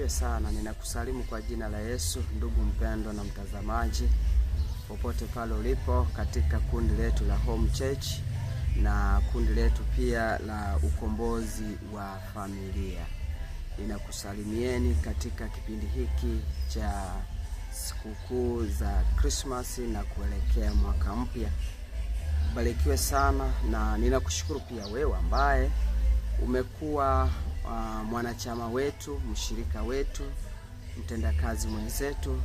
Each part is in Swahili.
Bwana sana. Ninakusalimu kwa jina la Yesu, ndugu mpendwa na mtazamaji popote pale ulipo, katika kundi letu la Home Church na kundi letu pia la ukombozi wa familia. Ninakusalimieni katika kipindi hiki cha sikukuu za Christmas na kuelekea mwaka mpya. Barikiwe sana, na ninakushukuru pia wewe ambaye umekuwa uh, mwanachama wetu, mshirika wetu, mtendakazi mwenzetu,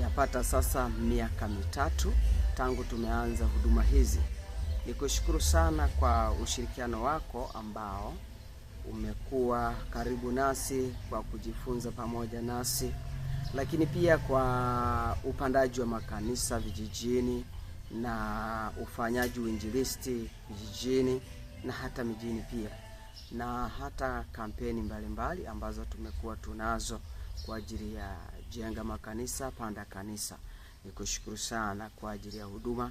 yapata sasa miaka mitatu tangu tumeanza huduma hizi. Nikushukuru sana kwa ushirikiano wako ambao umekuwa karibu nasi kwa kujifunza pamoja nasi, lakini pia kwa upandaji wa makanisa vijijini na ufanyaji uinjilisti vijijini na hata mijini pia na hata kampeni mbalimbali mbali ambazo tumekuwa tunazo kwa ajili ya jenga makanisa panda kanisa. Nikushukuru sana kwa ajili ya huduma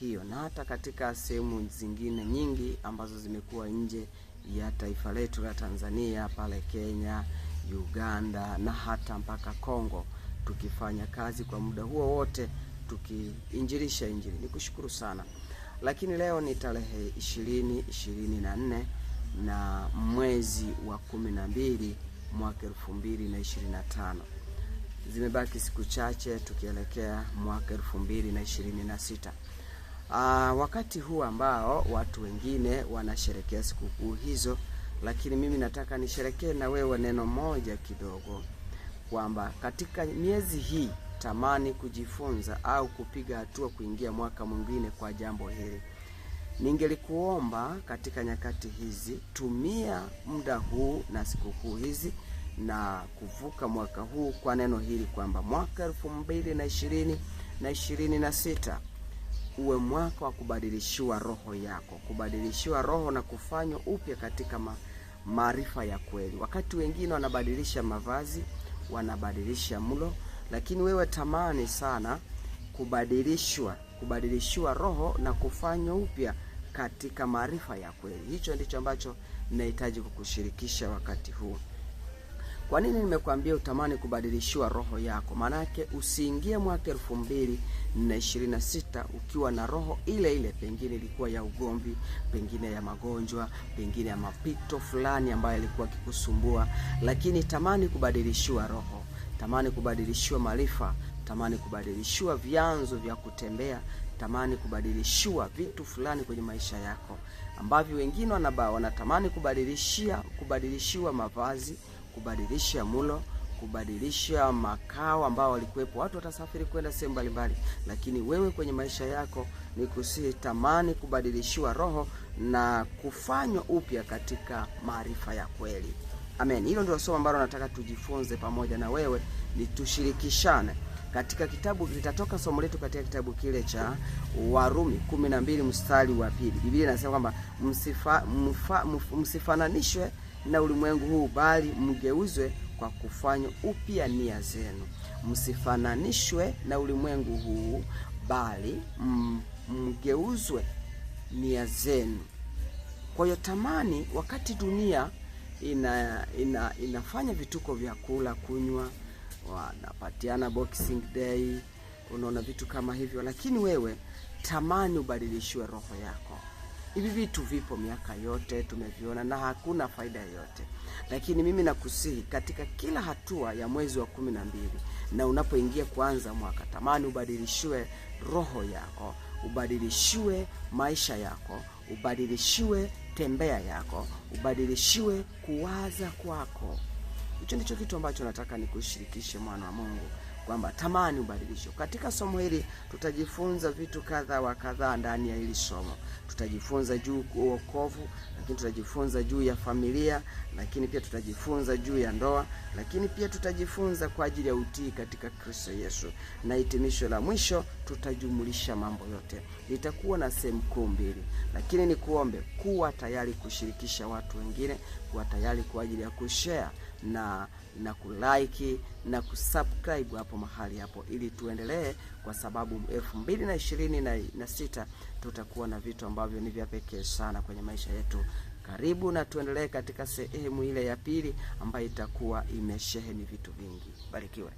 hiyo, na hata katika sehemu zingine nyingi ambazo zimekuwa nje ya taifa letu la Tanzania, pale Kenya, Uganda na hata mpaka Kongo, tukifanya kazi kwa muda huo wote tukiinjilisha Injili. Nikushukuru sana lakini leo ni tarehe ishirini ishirini na nne na mwezi wa kumi na mbili mwaka elfu mbili na ishirini na tano. Zimebaki siku chache tukielekea mwaka elfu mbili na ishirini na sita. Aa, ah, wakati huu ambao watu wengine wanasherekea sikukuu hizo, lakini mimi nataka nisherekee na wewe neno moja kidogo, kwamba katika miezi hii tamani kujifunza au kupiga hatua kuingia mwaka mwingine kwa jambo hili. Ningelikuomba katika nyakati hizi, tumia muda huu na sikukuu hizi na kuvuka mwaka huu kwa neno hili kwamba mwaka elfu mbili na ishirini na ishirini na sita uwe mwaka wa kubadilishiwa roho yako, kubadilishiwa roho na kufanywa upya katika maarifa ya kweli. Wakati wengine wanabadilisha mavazi, wanabadilisha mlo, lakini wewe tamani sana kubadilishwa, kubadilishiwa roho na kufanywa upya katika maarifa ya kweli. Hicho ndicho ambacho ninahitaji kukushirikisha wakati huu. Kwa nini nimekuambia utamani kubadilishiwa roho yako? Maanake usiingie mwaka elfu mbili na ishirini na sita ukiwa na roho ile ile, pengine ilikuwa ya ugomvi, pengine ya magonjwa, pengine ya mapito fulani ambayo alikuwa akikusumbua. Lakini tamani kubadilishiwa roho, tamani kubadilishiwa maarifa tamani kubadilishiwa vyanzo vya kutembea, tamani kubadilishiwa vitu fulani kwenye maisha yako ambavyo wengine wanaba wanatamani kubadilishia, kubadilishiwa mavazi, kubadilisha mulo kubadilisha makao ambao walikuwepo. Watu watasafiri kwenda sehemu mbalimbali, lakini wewe kwenye maisha yako ni kusitamani kubadilishiwa roho na kufanywa upya katika maarifa ya kweli. Amen. Hilo ndio somo ambalo nataka tujifunze pamoja na wewe, ni tushirikishane katika kitabu litatoka somo letu katika kitabu kile cha Warumi 12 mstari wa pili. Biblia inasema kwamba mf, msifananishwe na ulimwengu huu, bali mgeuzwe kwa kufanya upya nia zenu. Msifananishwe na ulimwengu huu, bali mgeuzwe nia zenu. Kwa hiyo tamani, wakati dunia ina, ina, inafanya vituko vya kula kunywa wanapatiana boxing day, unaona vitu kama hivyo, lakini wewe tamani ubadilishiwe roho yako. Hivi vitu vipo miaka yote tumeviona, na hakuna faida yoyote. Lakini mimi nakusihi katika kila hatua ya mwezi wa kumi na mbili na unapoingia kuanza mwaka, tamani ubadilishiwe roho yako, ubadilishiwe maisha yako, ubadilishiwe tembea yako, ubadilishiwe kuwaza kwako. Hicho ndicho kitu ambacho nataka nikushirikishe mwana wa Mungu kwamba tamani ubadilisho. Katika somo hili tutajifunza vitu kadha wa kadhaa ndani ya hili somo. Tutajifunza juu uokovu, lakini tutajifunza juu ya familia, lakini pia tutajifunza juu ya ndoa, lakini pia tutajifunza kwa ajili ya utii katika Kristo Yesu, na hitimisho la mwisho tutajumulisha mambo yote. Litakuwa na sehemu kuu mbili, lakini nikuombe kuwa tayari kushirikisha watu wengine kuwa tayari kwa ajili ya kushare na na kulike na kusubscribe hapo mahali hapo, ili tuendelee, kwa sababu elfu mbili na ishirini na, na sita tutakuwa na vitu ambavyo ni vya pekee sana kwenye maisha yetu. Karibu na tuendelee katika sehemu ile ya pili ambayo itakuwa imesheheni vitu vingi. Barikiwe.